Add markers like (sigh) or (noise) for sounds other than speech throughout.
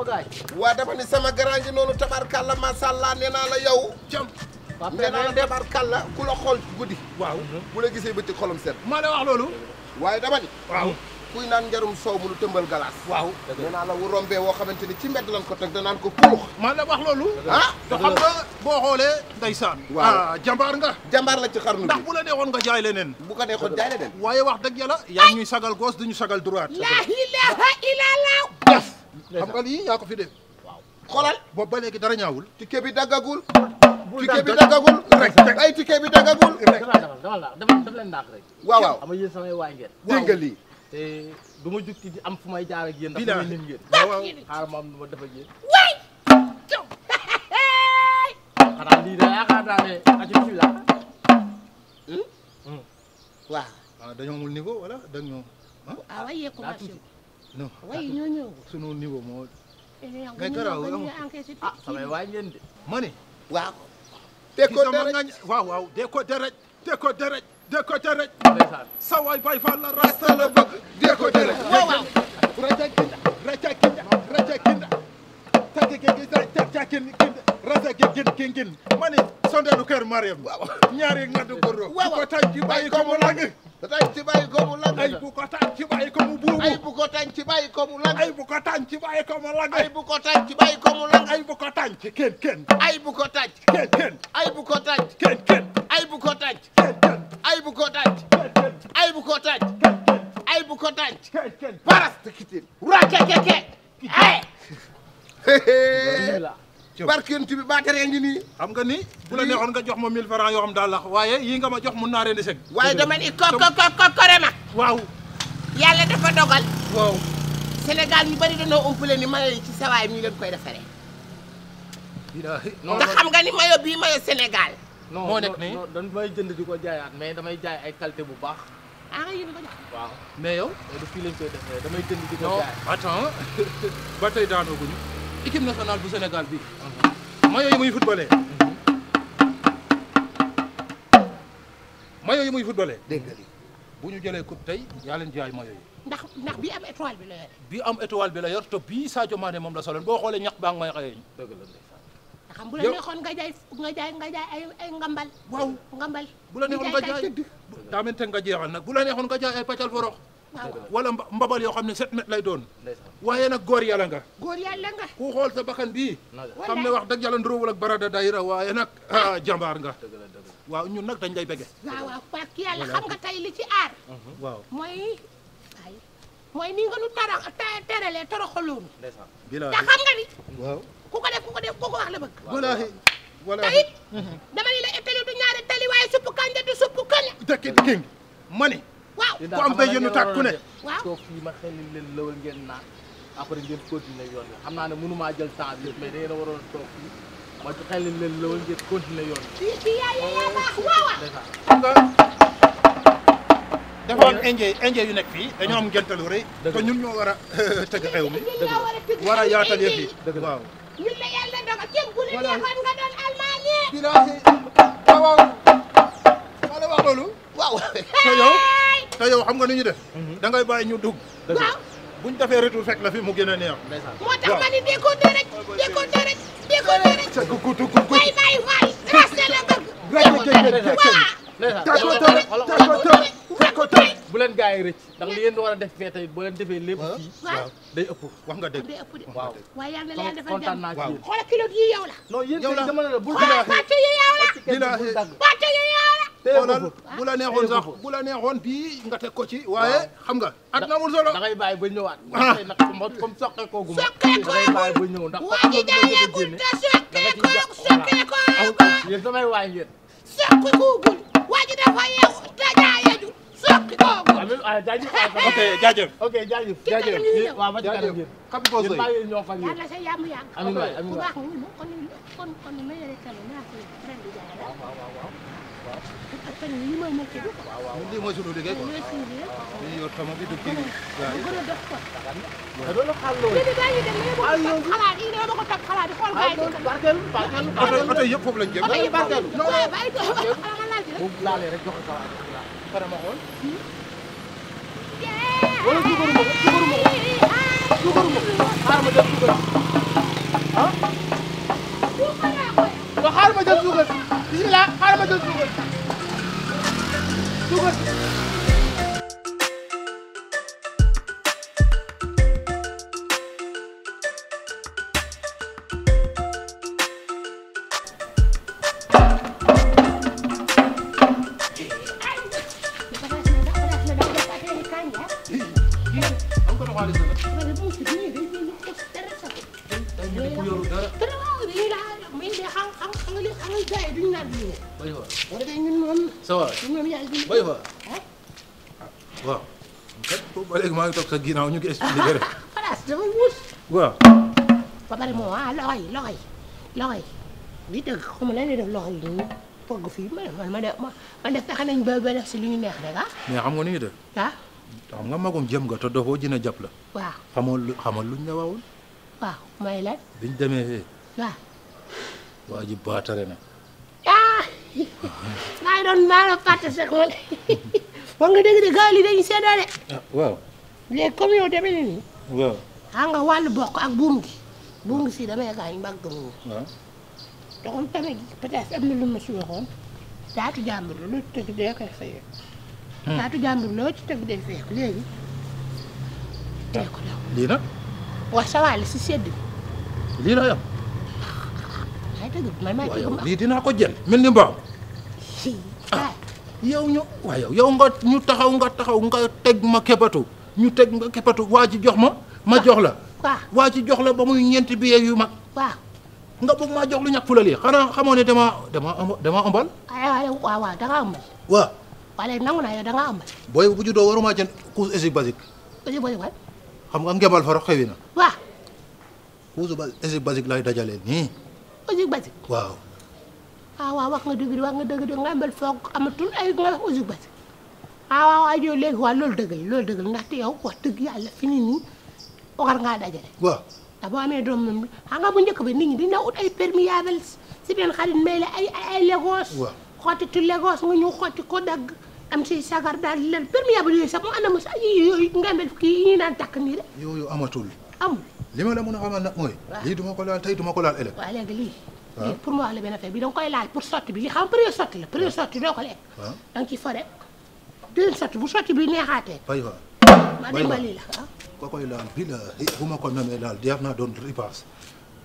sama gaay waa dama ni sama grand gi noonu tabarkalla masàllaa nee naa la yow jam nee naa la tabarkalla ku la xool guddi waaw bu la gisee bëtti xolam set maa la wax loolu waaye dama ni waaw kuy naan njarum soow mu lu tëmbal galaas waaw nee naa la wu rombee woo xamante ni ci mbedd lan ko teg danaan ko pulux maa la wax loolu ah te xam nga boo xoolee ndeysaan waaw ah, jambaar nga jambaar la ci xarnu bi ndax bu la neexoon nga jaay leneen bu ko neexoon jaay leneen waaye wax dëgg yàlla yaa ñuy sagal goos duñu sagal droite la ilaha illallah xam nga lii yaa ko fi def xoolal boobu ba léegi dara ñaawul ticket bi daggagul ticket bi daggagul rek ay ticket bi daggagul rek daf leen ndax rek waaw waaw ama yéen samay waay ngeen dégg nga lii Wow. du ma jug ci am fu may jaar ak yéen ndax damay nim ngeen waaw (laughs) xaar ma am lu ma def ak yéen da yaakaar naa ne ajo ci la hmm? Hmm? waaw waaw ah, dañoo amul niveau wala dañoo ah, ah waaye commencé non waaye ñoo ñëw. sunu niveau moo. mais garaaw amul ah samay waay ngeen de. ma ne. waaw. te ko dërëj waaw waaw de ko dërëj. de ko dërëj. de ko dërëj. sa waay bay fa la rasta la bëgg. de ko dërëj. waaw waaw. raja kinda raja kinda raja kinda. tàgge gi tàgge gi kinda. raja gi gin gin gin. ma ne. sonde du kër Mariam. waaw ñaari nga du góor. waaw waaw ko taj ci bàyyi ko mu lang. taj ci bàyyi ko mu ay bu ko tànc bàyyi ko mu buubu ay bu ko tànc bàyyi ko mu lang ay bu ko tànc bàyyi ko mu lang ay bu ko tànc bàyyi ko mu lang ay bu ko tànc kenn kenn ay bu ko tànc kenn kenn ay bu ko tànc kenn kenn ay bu ko tànc kenn kenn ay bu ko tànc kenn kenn ay bu ko tànc kenn kenn ay bu ko tànc kenn kenn paras tikitin rakekeke ay barke yonent bi baataree ngi nii xam nga ni bu la neexoon nga jox ma 1000 francs yoo xam daal la waaye yii nga ma jox mun naa reen di seg waaye dama ni ko ko ko ko kore ma waaw yàlla dafa dogal waaw Sénégal ñu ni mayo yi ci sawaay mi leen koy defaree te xam nga ni mayo bii mayo Sénégal moo nekk nii dañ may jënd di ko jaayaat mais damay jaay ay qualité bu baax ah yéen mais yow du fii lañ koy defee damay jënd di ko jaay attends (laughs) ba tey daanoo équipe national bu Sénégal bi maillot yi muy footballé maillot yi muy footballé nga bu ñu jëlee coupe tey yaa leen jaay maillot yi ndax ndax bi am étoile bi la yor bii am étoile bi la yor te bii Sadio moom la soloon boo xoolee ñax baa ngi may xëyee dëgg la ndeysaan xam bu la neexoon nga jaay nga jaay nga jaay ay ay ngambal waaw ngambal bu la neexoon nga jaay daa mel te nga jeexal nag bu la neexoon nga jaay ay pacal forox wala mbabal yo xamne 7 sept mètres lay doon waye nak gor yalla nga gor yalla nga ku xol sa bakan bi xamne wax dëgg yalla ndro wala barada daira waye nak ah, jambar nga waaw ñun nak dañ lay bëgge waaw waaw pak yalla xam nga tay li ci ar mhm. waaw moy moy ni nga lu tara tara xolum toroxaloon te xam nga ni waaw ku ko def ku ko def ku ko wax la bëgg wallaahi wallaahi dama ni la etelu du ñaari tali waye suppu kanja du suppu kanja dëkk king mané ku am tey yéen taat ma xëy leen lëwal ngeen naan après ngeen continuer yoon bi naa ne mënumaa jël temps bi mais da ngeen a waroon toog fii ma xëy leen lëwal ngeen continuer yoon bi. fii fii yaa yaa waawa. xam nga defoon indien indien yu nekk fii dañoo am gëntalu te ñun ñoo war a (laughs) tëgg xew yaatal yëf yi waaw. ñun la yàlla dogal képp bu la neexoon nga doon almaani. waaw waaw. wala te yow xam nga ni ñu def. Mhm. da ngay bàyyi ñu dugg. waaw buñ defee retour fekk la fi mu gën a neex. moo tax ma ni décoté rek décoté rek décoté rek. sa gudd gudd waay waay bu leen gars yi rëcc ndax li ngeen war a def fee tamit boo leen defee lépp fii. day ëpp wax nga dëgg. waaw waaye yàlla na leen defal jàmm kontaan naa ci yéen. kilo yi yow la. non yi yow xoolal bu la neexoon sax bu la neexoon bii nga teg ko ci. waaye xam nga at na amul solo. da ba ñëwaat. ah ndax comme soqeekoo gu ma. soqeekoo da ñëw ndax. waa ji daa yeggul te soqeekoo soqeekoo yeggul. yéen ci kanam yéen. xam nga sooy yéen kon lii mooy métier bi quoi. waaw lii mooy sunu liggéey quoi. lii mooy sunu liggéey. lii yor tomo bi du kii bi. waaw gën a dox quoi. te loolu xaal loolu. lii bi dañuy dem lii moom xalaat yi dama ko topp xalaat yi xool gars yi. barkeel barkeel barkeel oto yëpp foofu lañ jëm. oto yëpp barkeel non waaw bàyyi ko xalaat ma laal ci rek. bu laalee rek joxe xalaat pare ma xool. wala suukaru ma ko suukaru ma ko suukaru ma ko xaaral ma jël suukar ah. suukar laa koy. waaw xaaral ma jël suukar bisimilah xaaral ma jël suukar. 走快 duñu laal diine. booy fa wala kay ñun moom. ça va ñun moom yaay diine booy fa. waaw. kat ba léegi maa ngi toog sa ginnaaw ñu ngi expliqué rek. xalaas dafa wuus. waaw. ba pare moom ah loxo yi loxo yi loxo yi bii dëgg xam nga lan lay def loxo yi ñu pogg fii man man de lu ni jëm nga te dofoo dina jàpp la. waaw xamoo lu xamal luñ la waawoon. waaw may ji baatare na. maa ngi maa la fàtte sax man wax nga dëgg de gaal yi dañuy séddale. ah waaw. léegi nii. waaw. xam nga wàllu bokk ak buum gi. buum gi si damay gaañ mbagg mu. waaw. doxam taatu jàmbur loo ci tëgg dee koy fayee. Hmm. taatu jàmbur loo ci tëgg dee fayee léegi. tey ah. ko lii nag. wax si sedd lii la yam. lii dinaa ko jël mel ni mbaam. yow ñu waaye yow nga ñu taxaw nga taxaw nga teg ma keppatu ñu teg ma keppatu waa ji jox ma ma jox la waa ji jox la ba muy ñeenti billets yu mag nga bëgg maa jox lu ñàkk fulal yi xanaa xamoo ne dama dama dama ëmbal waaw waaw da nga nangu naa yow da nga ëmbal booy bu juddoo waruma jënd couche ésic basique ésic basique waay xam nga ngembal faro xewi na waaw couche lay dajalee nii ésic basique waaw ah waaw wax nga dëgg di wax nga dëgg di nga mbal foog amatul ay nga wax aussi basi ah waaw waaw dëgg la loolu dëgg yow wax dëgg yàlla fi nii nii war ngaa dajale. waaw ndax ah, boo amee doom moom xam ah, nga bu njëkk ba nit ñi dina ut ay perméable si ay ay ay Lagos. waaw xottitu Lagos ñëw xotti ko dagg. am si sagar daal di leen perméable yooyu sax mu ànd ak sa yooyu nga mbal kii yi ñuy naan takk nii rek. yooyu amatul. amul li ma la mën a xamal nag mooy. lii du ko laal tey du ma ko laal ëllëg. pour mu wax la benn il bi da nga koy laal pour sotti bi li xam première sotti la première sotti doo ko lekk da nga ci fa rek deuxième sotti bu sotti bi neexaatee bay waa ma dimbali la ko koy laal bi la bu ma ko namee laal def naa doon ripaas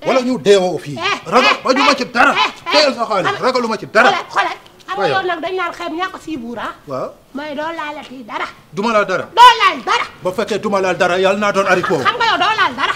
wala ñu deewoo fii ragal ba ñu ma ci dara teyal sa xaalis ragalu ma ci dara xoolal ama yoon nag dañ naan xeeb ñàkk sii buur ah waaw may doo laalati dara duma laal dara doo laal dara ba fekkee duma laal dara yàlla naa doon ariko xam nga yow doo laal dara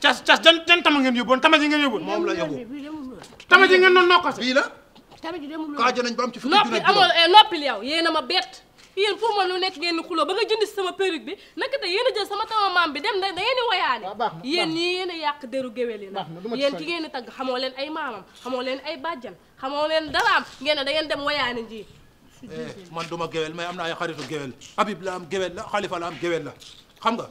cas cas jan jan tama ngeen yóbboon tama ji ngeen yóbboon. moom la yóbbu tama ji ngeen doon nokkase. bii la. tama ji demul loolu kaajo nañ ba am ci fukki junne amoon noppil yow yéen a ma bett. yéen pour ma lu nekk ngeen xuloo ba nga jënd si sama perruque bi naka te yéen a jël sama tama maam bi dem da ngeen di woyaale yéen ñii yéen a yàq deru géwél yi nag yéen ki ngeen di tagg xamoo leen ay maamam xamoo leen ay bàjjan xamoo leen daraam ngeen ne da ngeen dem woyaane ji man duma géwél mais am na ay xaritu géwél Habib la am géwél la Khalifa la am géwél la xam nga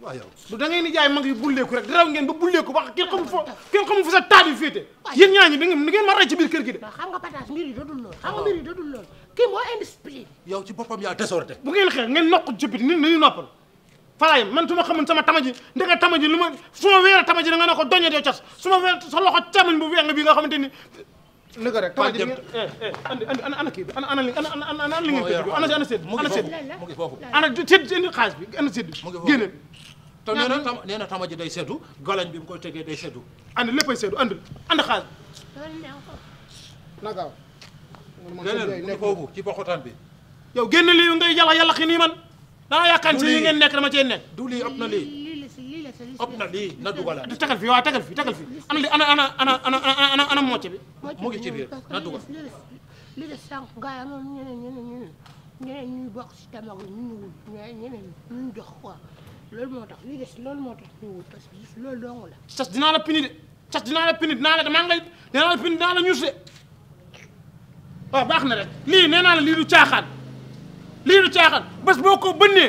waaw yow du da ngay ni jaay mag yi bulleeku rek daraw ngeen ba bulleeku wax kenn xamul fa kenn xamul fa sa taabi féete yéen ñaañi da ngeen ngeen ma rey ci biir kër gi de xam nga pataas mbir yi dodul ah. bu ngeen xeex ngeen nokku jëppit ni nañu falaay man su ma xamul sama tamaji ndanga tamaji lu ma su ma weer a tamaji da ne ko doñet yow cas su ma weer sa loxo càmmoñ bu weer nga bii nga xamante ni li ko rek tamit jëm eh, eh, andi andi ana kii bi ana ana ana ana li ngeen ko jóg ana ana sédd ana sédd mu ngi foofu ana sédd indi xaalis bi ana sédd génne te nee na nee na tama ji day seddu galañ bi mu koy tegee day seddu andi léppay seddu andi andi xaalis na gaaw leneen mu ngi foofu ci boxotaan bi yow génn lii ngay yàlla yàlla xi nii man dama yaakaar ci li ngeen nekk dama cee nekk du lii ëpp na lii ëpp na lii na dugalal di tagal fi waaw tagal fi tagal fi ana li ana ana ana ana ana ana mocc bi mu ngi ci biir na dugal li des sànq gars yi amoon ñeneen ñeneen ñeneen ñeneen ñuy bokk si tabax bi ñu wut ñeneen ñu jox quoi loolu moo tax li des loolu moo tax ñu wut parce que loolu dong la sas dinaa la pini de sas dinaa la pini dinaa la maa ngi lay dinaa la pini dinaa la ñuus de waaw baax na rek lii nee naa la lii du caaxaan lii du caaxaan bés boo ko bënnee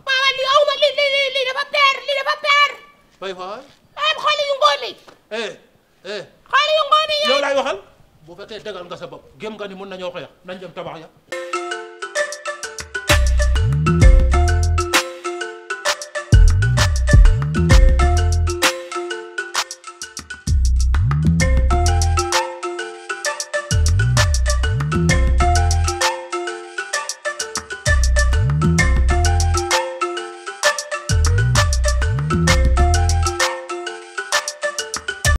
rien.